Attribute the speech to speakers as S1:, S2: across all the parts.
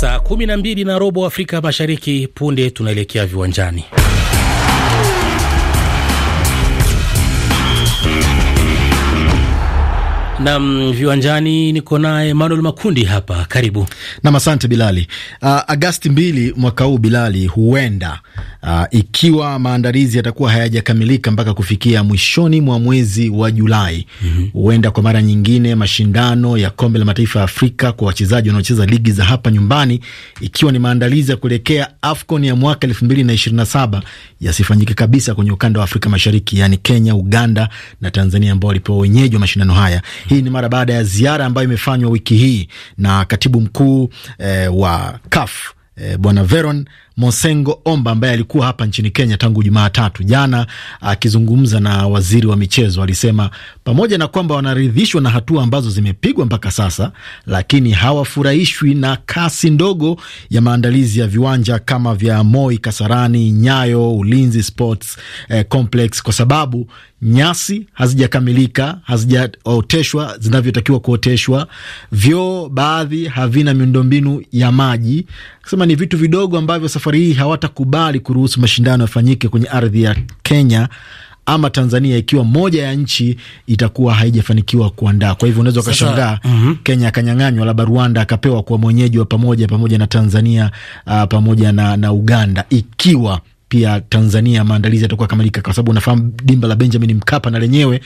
S1: saa 12 na robo Afrika Mashariki. Punde tunaelekea viwanjani. Nam viwanjani niko naye Manuel Makundi hapa, karibu nam. Asante Bilali. Uh, Agasti mbili mwaka huu Bilali, huenda uh, ikiwa maandalizi yatakuwa hayajakamilika mpaka kufikia mwishoni mwa mwezi wa Julai, mhm. huenda mm -hmm. kwa mara nyingine mashindano ya kombe la mataifa ya Afrika kwa wachezaji wanaocheza ligi za hapa nyumbani, ikiwa ni maandalizi ya kuelekea AFCON ya mwaka elfu mbili na ishirini na saba yasifanyike kabisa kwenye ukanda wa Afrika Mashariki, yani Kenya, Uganda na Tanzania ambao walipewa wenyeji wa mashindano haya hii ni mara baada ya ziara ambayo imefanywa wiki hii na katibu mkuu eh, wa CAF eh, Bwana Veron Mosengo Omba ambaye alikuwa hapa nchini Kenya tangu Jumatatu jana akizungumza na waziri wa michezo alisema pamoja na kwamba wanaridhishwa na hatua ambazo zimepigwa mpaka sasa, lakini hawafurahishwi na kasi ndogo ya maandalizi ya viwanja kama vya Moi, Kasarani, Nyayo, Ulinzi Sports eh, Complex kwa sababu nyasi hazijakamilika, hazijaoteshwa zinavyotakiwa kuoteshwa. Vyoo baadhi havina miundombinu ya maji, akisema ni vitu vidogo ambavyo safari hii hawatakubali kuruhusu mashindano yafanyike kwenye ardhi ya Kenya ama Tanzania ikiwa moja ya nchi itakuwa haijafanikiwa kuandaa. Kwa hivyo unaweza ukashangaa mm -hmm. Kenya akanyang'anywa, labda Rwanda akapewa kuwa mwenyeji wa pamoja pamoja na Tanzania uh, pamoja na, na Uganda ikiwa pia Tanzania maandalizi yatakuwa kamilika, kwa sababu unafahamu dimba la Benjamin Mkapa na lenyewe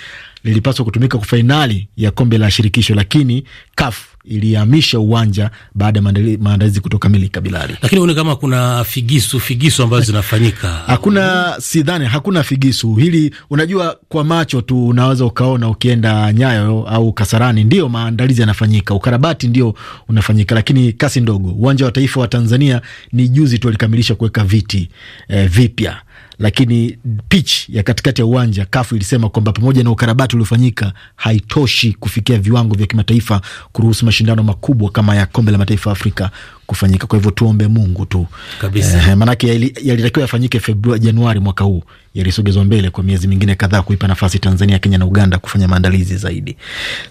S1: lilipaswa kutumika kwa fainali ya kombe la shirikisho, lakini kafu iliamisha uwanja baada ya maandalizi kutokamilika Bilali, lakini uone kama kuna figisu figisu ambazo zinafanyika. Hakuna, sidhani hakuna figisu hili. Unajua, kwa macho tu unaweza ukaona, ukienda Nyayo au Kasarani ndio maandalizi yanafanyika, ukarabati ndio unafanyika, lakini kasi ndogo. Uwanja wa Taifa wa Tanzania ni juzi tu alikamilisha kuweka viti eh, vipya lakini pitch ya katikati ya uwanja kafu ilisema kwamba pamoja na ukarabati uliofanyika haitoshi kufikia viwango vya kimataifa kuruhusu mashindano makubwa kama ya kombe la mataifa ya Afrika kufanyika. Kwa hivyo tuombe Mungu tu kabisa. Eh, maanake yalitakiwa yali yafanyike Februari, Januari mwaka huu, yalisogezwa mbele kwa miezi mingine kadhaa, kuipa nafasi Tanzania, Kenya na Uganda kufanya maandalizi zaidi.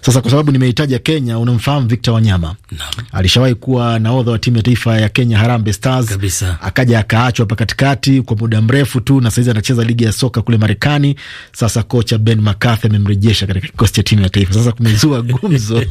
S1: Sasa kwa sababu nimehitaja Kenya, unamfahamu Victor Wanyama na, alishawahi kuwa nahodha wa timu ya taifa ya Kenya Harambee Stars kabisa, akaja akaachwa hapa katikati kwa muda mrefu tu, na sahizi anacheza ligi ya soka kule Marekani. Sasa kocha Ben McCarthy amemrejesha katika kikosi cha timu ya taifa. Sasa kumezua gumzo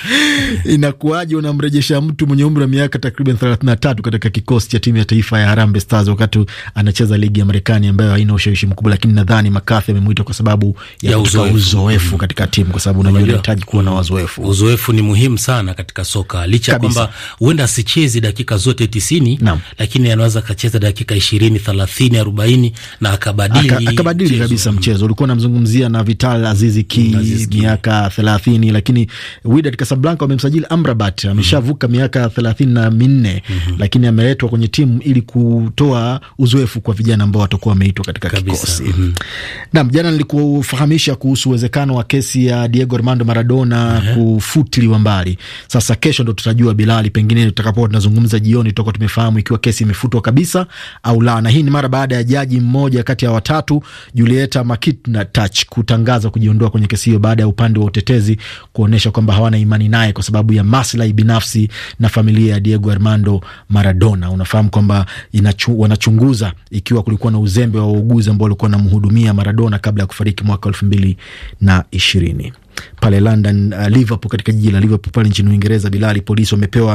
S1: inakuwaje unamrejesha mtu mwenye umri wa miaka takriban 33 katika kikosi cha timu ya taifa ya Harambee Stars wakati anacheza ligi ya Marekani ambayo haina ushawishi mkubwa, lakini nadhani McCarthy amemwita kwa sababu ya uzoefu katika timu, kwa sababu unajua unahitaji kuwa na wazoefu. Uzoefu ni muhimu sana katika soka, licha ya kwamba huenda asichezi dakika zote tisini, lakini anaweza akacheza dakika ishirini, thelathini, arobaini na akabadili akabadili kabisa mchezo. Ulikuwa namzungumzia na Vital Azizi ki miaka thelathini, lakini Wydad Casablanca wamemsajili Amrabat, ameshavuka miaka thelathini ishirini na minne mm -hmm. lakini ameletwa kwenye timu ili kutoa uzoefu kwa vijana ambao watakuwa wameitwa katika kabisa. kikosi mm -hmm. nam jana nilikufahamisha kuhusu uwezekano wa kesi ya Diego Armando Maradona mm -hmm. kufutiliwa mbali. Sasa kesho ndo tutajua, Bilali, pengine tutakapokuwa tunazungumza jioni tutakuwa tumefahamu ikiwa kesi imefutwa kabisa au la, na hii ni mara baada ya jaji mmoja kati ya watatu Julieta Makitnatach kutangaza kujiondoa kwenye kesi hiyo baada ya upande wa utetezi kuonyesha kwamba hawana imani naye kwa sababu ya maslahi binafsi na familia ya Diego Armando Maradona. Unafahamu kwamba wanachunguza ikiwa kulikuwa na uzembe wa wauguzi ambao walikuwa wanamhudumia Maradona kabla ya kufariki mwaka elfu mbili na ishirini pale London, uh, Liverpool, katika jiji la Liverpool pale nchini Uingereza, Bilali, polisi wamepewa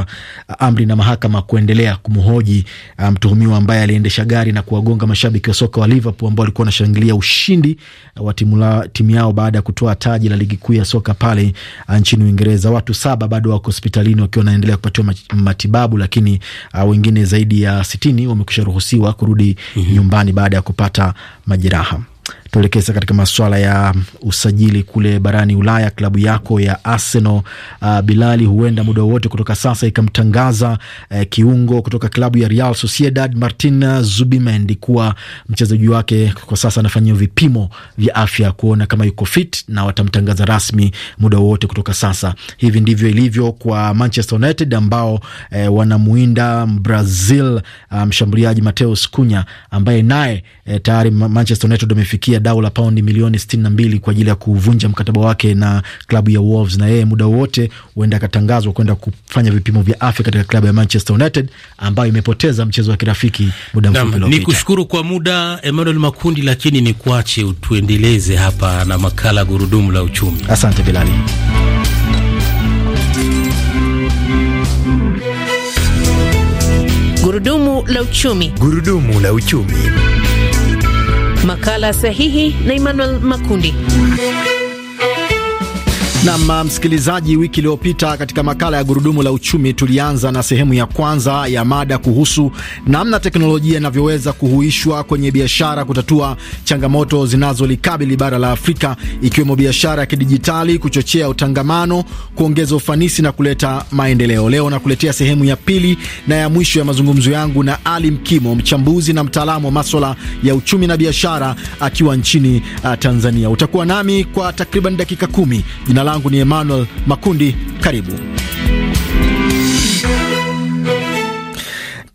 S1: uh, amri na mahakama kuendelea kumhoji uh, mtuhumiwa um, ambaye aliendesha gari na kuwagonga mashabiki wa soka wa Liverpool ambao walikuwa wanashangilia ushindi uh, wa timu yao baada ya kutoa taji la ligi kuu ya soka pale uh, nchini Uingereza. Watu saba bado wako hospitalini wakiwa wanaendelea kupatiwa matibabu, lakini uh, wengine zaidi ya sitini wamekusha ruhusiwa kurudi mm -hmm. nyumbani baada ya kupata majeraha tuelekeza katika masuala ya usajili kule barani Ulaya. Klabu yako ya Arsenal uh, Bilali, huenda muda wowote kutoka sasa ikamtangaza uh, kiungo kutoka klabu ya Real Sociedad Martin Zubimendi kuwa mchezaji wake. Kwa sasa anafanyia vipimo vya afya kuona kama yuko fit na watamtangaza rasmi muda wowote kutoka sasa. Hivi ndivyo ilivyo kwa Manchester United ambao uh, wanamuinda Brazil uh, mshambuliaji um, Mateus Cunha ambaye naye uh, tayari Manchester United amefikia dau la paundi milioni 62 kwa ajili ya kuvunja mkataba wake na klabu ya Wolves, na yeye muda wote huenda akatangazwa kwenda kufanya vipimo vya afya katika klabu ya Manchester United ambayo imepoteza mchezo wa kirafiki muda mfupi uliopita. kwa muda Emmanuel Makundi, lakini ni kuache utuendeleze hapa na makala gurudumu la uchumi. Asante Bilali.
S2: Gurudumu la uchumi.
S1: Gurudumu la uchumi.
S2: Makala sahihi na Emmanuel Makundi.
S1: Nam msikilizaji, wiki iliyopita katika makala ya gurudumu la uchumi tulianza na sehemu ya kwanza ya mada kuhusu namna teknolojia inavyoweza kuhuishwa kwenye biashara kutatua changamoto zinazolikabili bara la Afrika, ikiwemo biashara ya kidijitali, kuchochea utangamano, kuongeza ufanisi na kuleta maendeleo. Leo nakuletea sehemu ya pili na ya mwisho ya mazungumzo yangu na Ali Mkimo, mchambuzi na mtaalamu wa maswala ya uchumi na biashara, akiwa nchini uh, Tanzania. Utakuwa nami kwa takriban dakika kumi. Jina langu ni Emmanuel Makundi, karibu.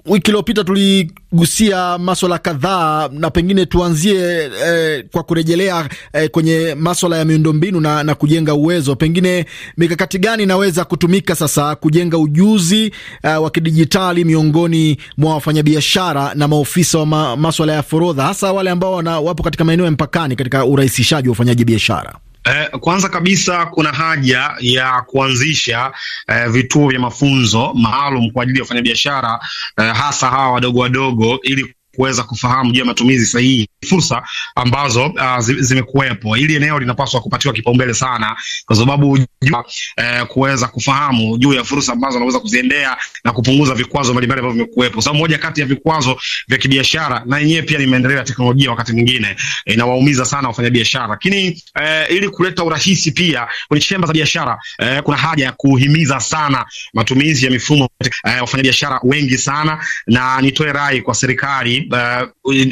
S1: Wiki iliyopita tuligusia maswala kadhaa na pengine tuanzie eh, kwa kurejelea eh, kwenye maswala ya miundombinu na, na kujenga uwezo. Pengine mikakati gani inaweza kutumika sasa kujenga ujuzi eh, wa kidijitali miongoni mwa wafanyabiashara na maofisa wa ma, maswala ya forodha, hasa wale ambao wapo katika maeneo ya mpakani katika urahisishaji wa ufanyaji biashara?
S2: Eh, kwanza kabisa kuna haja ya kuanzisha eh, vituo vya mafunzo maalum kwa ajili ya wafanyabiashara eh, hasa hawa wadogo wadogo ili kuweza kufahamu juu ya matumizi sahihi fursa ambazo uh, zimekuwepo. ili eneo linapaswa kupatiwa kipaumbele sana, kwa sababu uh, kuweza kufahamu juu ya fursa ambazo anaweza kuziendea na kupunguza vikwazo mbalimbali ambavyo vimekuwepo, sababu moja kati ya vikwazo vya kibiashara na yenyewe pia ni maendeleo ya teknolojia, wakati mwingine eh, inawaumiza sana wafanyabiashara. Lakini uh, ili kuleta urahisi pia kwenye chemba za biashara uh, kuna haja ya kuhimiza sana matumizi ya mifumo uh, wafanyabiashara wengi sana, na nitoe rai kwa serikali uh,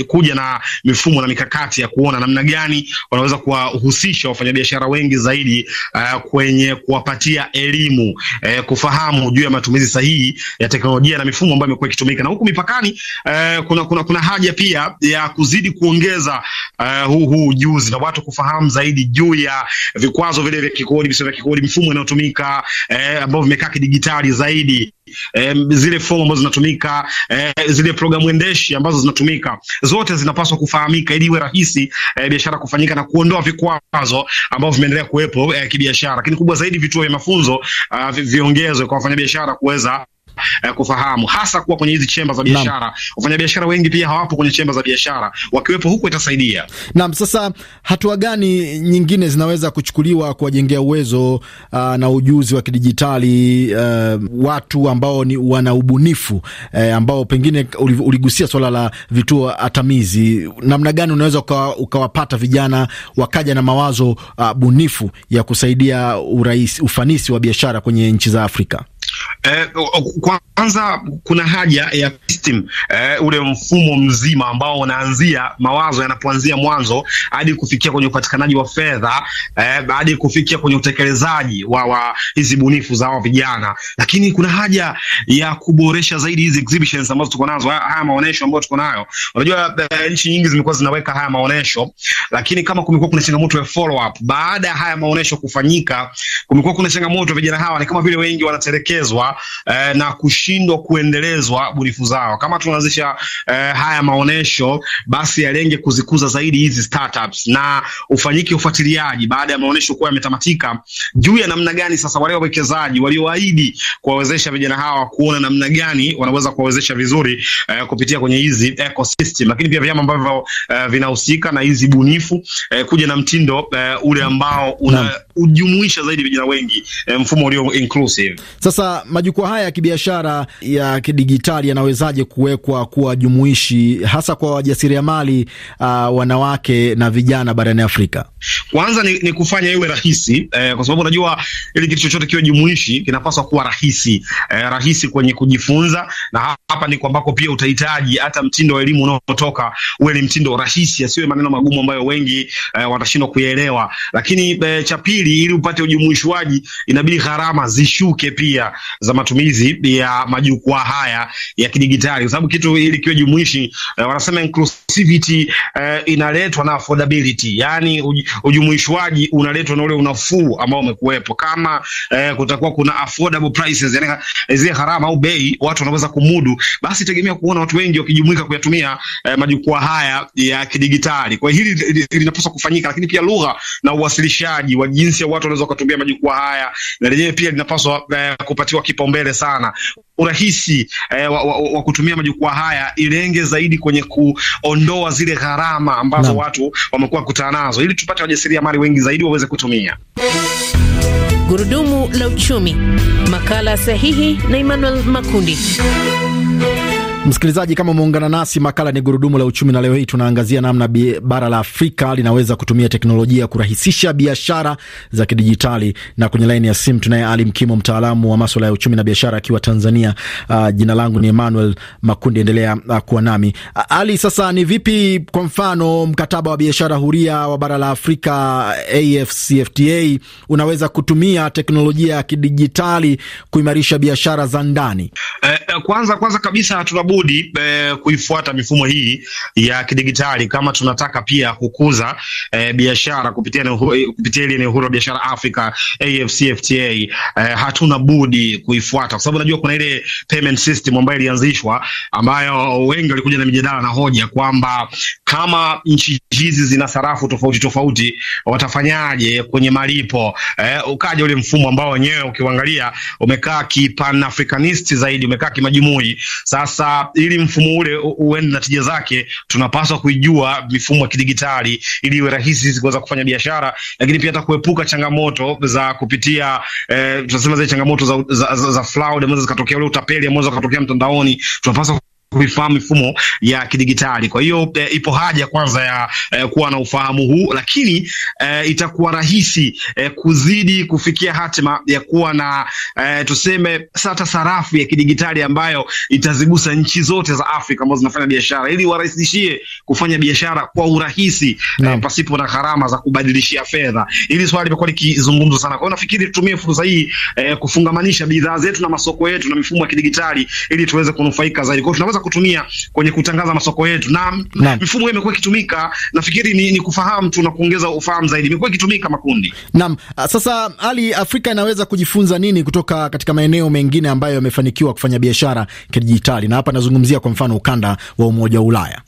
S2: kuja na mifumo na mikakati ya kuona namna gani wanaweza kuwahusisha wafanyabiashara wengi zaidi uh, kwenye kuwapatia elimu uh, kufahamu juu ya matumizi sahihi ya teknolojia na mifumo ambayo imekuwa ikitumika. Na huku mipakani uh, kuna, kuna, kuna haja pia ya kuzidi kuongeza uh, huu huu ujuzi na watu kufahamu zaidi juu ya vikwazo vile vya kikodi, visivyo vya kikodi, mifumo inayotumika uh, ambayo vimekaa kidigitali zaidi E, zile fomu ambazo zinatumika e, zile programu endeshi ambazo zinatumika zote zinapaswa kufahamika ili iwe rahisi e, biashara kufanyika na kuondoa vikwazo ambavyo vimeendelea kuwepo e, kibiashara. Lakini kubwa zaidi, vituo vya mafunzo ah, viongezwe kwa wafanyabiashara kuweza eh, kufahamu hasa kuwa kwenye hizi chemba za biashara. Wafanyabiashara wengi pia hawapo kwenye chemba za biashara, wakiwepo huko itasaidia.
S1: Naam, sasa hatua gani nyingine zinaweza kuchukuliwa kuwajengea uwezo uh, na ujuzi wa kidijitali uh, watu ambao ni wana ubunifu eh, ambao pengine uligusia swala la vituo atamizi, namna gani unaweza ukawapata vijana wakaja na mawazo uh, bunifu ya kusaidia urahisi ufanisi wa biashara kwenye nchi za Afrika?
S2: eh, kwanza kuna haja ya system eh, ule mfumo mzima ambao unaanzia mawazo yanapoanzia mwanzo hadi kufikia kwenye upatikanaji wa fedha eh, hadi kufikia kwenye utekelezaji wa, wa hizi bunifu za hawa vijana, lakini kuna haja ya kuboresha zaidi hizi exhibitions ambazo tuko nazo, haya maonesho ambayo tuko nayo. Unajua eh, nchi nyingi zimekuwa zinaweka haya maonesho, lakini kama kumekuwa kuna changamoto ya follow up baada ya haya maonesho kufanyika, kumekuwa kuna changamoto, vijana hawa ni kama vile wengi wanatelekezwa kutekelezwa eh, na kushindwa kuendelezwa bunifu zao. Kama tunaanzisha eh, haya maonesho, basi yalenge kuzikuza zaidi hizi startups na ufanyike ufuatiliaji baada ya maonesho kuwa yametamatika, juu ya namna gani sasa wale wawekezaji walioahidi kuwawezesha vijana hawa kuona namna gani wanaweza kuwawezesha vizuri eh, kupitia kwenye hizi ecosystem, lakini pia vyama ambavyo eh, vinahusika na hizi bunifu eh, kuja na mtindo eh, ule ambao unajumuisha zaidi vijana wengi eh, mfumo ulio inclusive.
S1: Sasa majukwaa haya ya kibiashara ya kidigitali yanawezaje kuwekwa kuwa jumuishi hasa kwa wajasiriamali uh, wanawake na vijana barani Afrika?
S2: Kwanza ni, ni kufanya iwe rahisi eh, kwa sababu unajua ili kitu chochote kiwe jumuishi kinapaswa kuwa rahisi eh, rahisi kwenye kujifunza, na hapa ni kwambako pia utahitaji hata mtindo wa elimu unaotoka uwe ni mtindo rahisi, asiwe maneno magumu ambayo wengi eh, watashindwa kuyaelewa. Lakini eh, cha pili, ili upate ujumuishwaji inabidi gharama zishuke pia za matumizi ya majukwaa haya ya kidigitali, kwa sababu kitu ili kiwe jumuishi uh, wanasema inclusivity uh, inaletwa na affordability, yani uj, ujumuishwaji unaletwa na ule unafuu ambao umekuwepo. Kama uh, kutakuwa kuna affordable prices, yani zile gharama au bei watu wanaweza kumudu, basi tegemea kuona watu wengi wakijumuika kuyatumia uh, majukwaa haya ya kidigitali. Kwa hili linapaswa kufanyika, lakini pia lugha na uwasilishaji wa jinsi ya watu wanaweza kutumia majukwaa haya na lenyewe pia linapaswa uh, kupatiwa kupewa kipaumbele sana. Urahisi eh, wa, wa, wa kutumia majukwaa haya ilenge zaidi kwenye kuondoa zile gharama ambazo na watu wamekuwa kutana nazo, ili tupate wajasiriamali wengi zaidi waweze kutumia Gurudumu la Uchumi, makala sahihi na Emmanuel Makundi.
S1: Msikilizaji, kama umeungana nasi, makala ni gurudumu la uchumi, na leo hii tunaangazia namna bara la Afrika linaweza kutumia teknolojia kurahisisha biashara za kidijitali, na kwenye laini ya simu tunaye Ali Mkimo, mtaalamu wa maswala ya uchumi na biashara akiwa Tanzania. Uh, jina langu ni Emmanuel Makundi, endelea uh, kuwa nami uh, Ali. Sasa ni vipi, kwa mfano, mkataba wa biashara huria wa bara la Afrika AfCFTA unaweza kutumia teknolojia ya kidijitali kuimarisha biashara za ndani?
S2: Eh, eh kwanza kwanza kabisa hatuna juhudi e, eh, kuifuata mifumo hii ya kidigitali kama tunataka pia kukuza e, biashara kupitia eh, kupitia ile eneo huru biashara Afrika AfCFTA, e, hatuna budi kuifuata kwa sababu najua kuna ile payment system ambayo ilianzishwa, ambayo wengi walikuja na mijadala na hoja kwamba kama nchi hizi zina sarafu tofauti tofauti watafanyaje kwenye malipo e, Ukaja ule mfumo ambao wenyewe ukiangalia umekaa kipanafricanist zaidi, umekaa kimajumui sasa ili mfumo ule uende na tija zake, tunapaswa kuijua mifumo ya kidigitali ili iwe rahisi kuweza kufanya biashara, lakini pia hata kuepuka changamoto za kupitia eh, tunasema zile changamoto za za, za, za fraud ambazo zikatokea, ule utapeli ambao zikatokea mtandaoni tunapaswa kuifahamu mifumo ya kidigitali. Kwa hiyo e, ipo haja kwanza ya e, kuwa na ufahamu huu, lakini e, itakuwa rahisi e, kuzidi kufikia hatima ya kuwa na e, tuseme sata sarafu ya kidigitali ambayo itazigusa nchi zote za Afrika ambazo zinafanya biashara, ili warahisishie kufanya biashara kwa urahisi na e, pasipo na gharama za kubadilishia fedha. Ili swali limekuwa likizungumzwa sana, kwa hiyo nafikiri tutumie fursa hii e, kufungamanisha bidhaa zetu na masoko yetu na mifumo ya kidigitali ili tuweze kunufaika zaidi. Kwa hiyo tunaweza kutumia kwenye kutangaza masoko yetu, na mifumo hiyo imekuwa ikitumika. Nafikiri ni, ni kufahamu tu na kuongeza ufahamu zaidi, imekuwa ikitumika makundi. Naam, ah, sasa hali Afrika inaweza kujifunza nini kutoka katika
S1: maeneo mengine ambayo yamefanikiwa kufanya biashara kidijitali, na hapa nazungumzia kwa mfano ukanda wa Umoja wa Ulaya.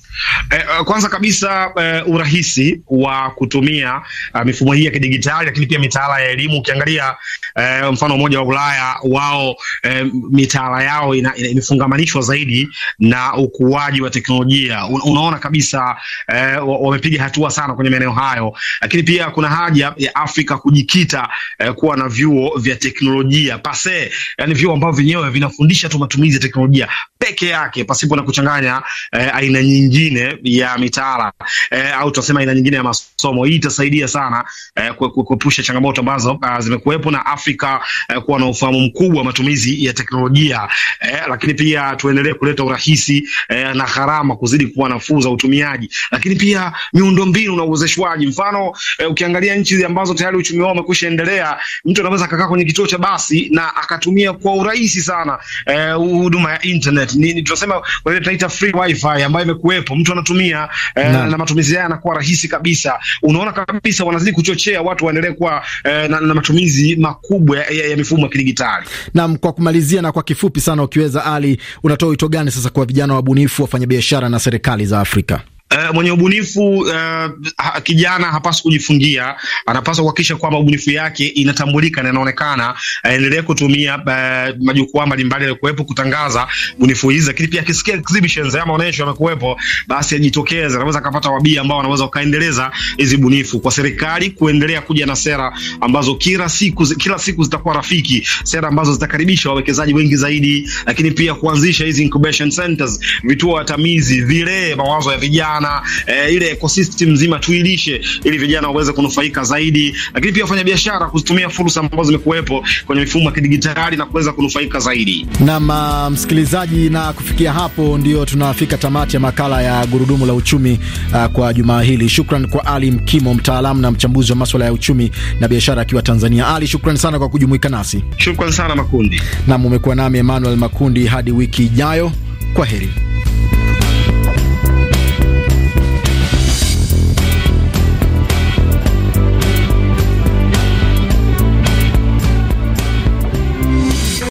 S2: Eh, eh kwanza kabisa eh, urahisi wa kutumia eh, mifumo hii ya kidijitali, lakini pia mitaala ya elimu. Ukiangalia eh, mfano Umoja wa Ulaya wao, eh, mitaala yao imefungamanishwa zaidi na ukuaji wa teknolojia. Unaona kabisa eh, wamepiga hatua sana kwenye maeneo hayo, lakini pia kuna haja ya Afrika kujikita eh, kuwa na vyuo vya teknolojia pase, yani vyuo ambavyo vyenyewe vinafundisha tu matumizi ya teknolojia peke yake pasipo na kuchanganya eh, aina nyingine ya mitaala eh, au tunasema aina nyingine ya masomo. Hii itasaidia sana eh, kuepusha changamoto ambazo uh, zimekuwepo na Afrika eh, kuwa na ufahamu mkubwa wa matumizi ya teknolojia eh, lakini pia tuendelee kuleta urahisi kuakisi eh, na gharama kuzidi kuwa nafuu za utumiaji, lakini pia miundombinu na uwezeshwaji. Mfano eh, ukiangalia nchi ambazo tayari uchumi wao umekwisha endelea, mtu anaweza akakaa kwenye kituo cha basi na akatumia kwa urahisi sana eh, huduma eh, ya internet. nini, tunasema wale tunaita free wifi ambayo imekuwepo, mtu anatumia eh, na, na matumizi yake yanakuwa rahisi kabisa. Unaona kabisa wanazidi kuchochea watu waendelee kuwa eh, na, na matumizi makubwa ya, ya, ya mifumo ya kidigitali.
S1: Naam, kwa kumalizia na kwa kifupi sana, ukiweza Ali, unatoa wito gani sasa kwa kwa vijana wabunifu, wafanyabiashara na serikali za Afrika?
S2: Eh, mwenye ubunifu uh, kijana hapaswi kujifungia, anapaswa kuhakikisha kwamba ubunifu yake inatambulika na inaonekana, aendelee uh, kutumia uh, majukwaa mbalimbali yaliokuwepo kutangaza ubunifu hizi, lakini pia akisikia exhibitions ya maonyesho yamekuwepo, basi ajitokeze, anaweza akapata wabia ambao wanaweza kaendeleza hizi bunifu, kwa serikali kuendelea kuja na sera ambazo kila siku kila siku zitakuwa rafiki, sera ambazo zitakaribisha wawekezaji wengi zaidi, lakini pia kuanzisha hizi incubation centers, vituo watamizi, vile mawazo ya vijana sana eh, ile ecosystem nzima tuilishe, ili vijana waweze kunufaika zaidi, lakini pia wafanya biashara kuzitumia fursa ambazo zimekuwepo kwenye mifumo ya kidijitali na kuweza kunufaika zaidi.
S1: Na uh, msikilizaji, na kufikia hapo ndio tunafika tamati ya makala ya gurudumu la uchumi uh, kwa juma hili. Shukran kwa Ali Mkimo, mtaalamu na mchambuzi wa masuala ya uchumi na biashara akiwa Tanzania. Ali, shukran sana kwa kujumuika nasi.
S2: Shukran sana Makundi.
S1: Nam, umekuwa nami Emmanuel Makundi hadi wiki ijayo. Kwa heri.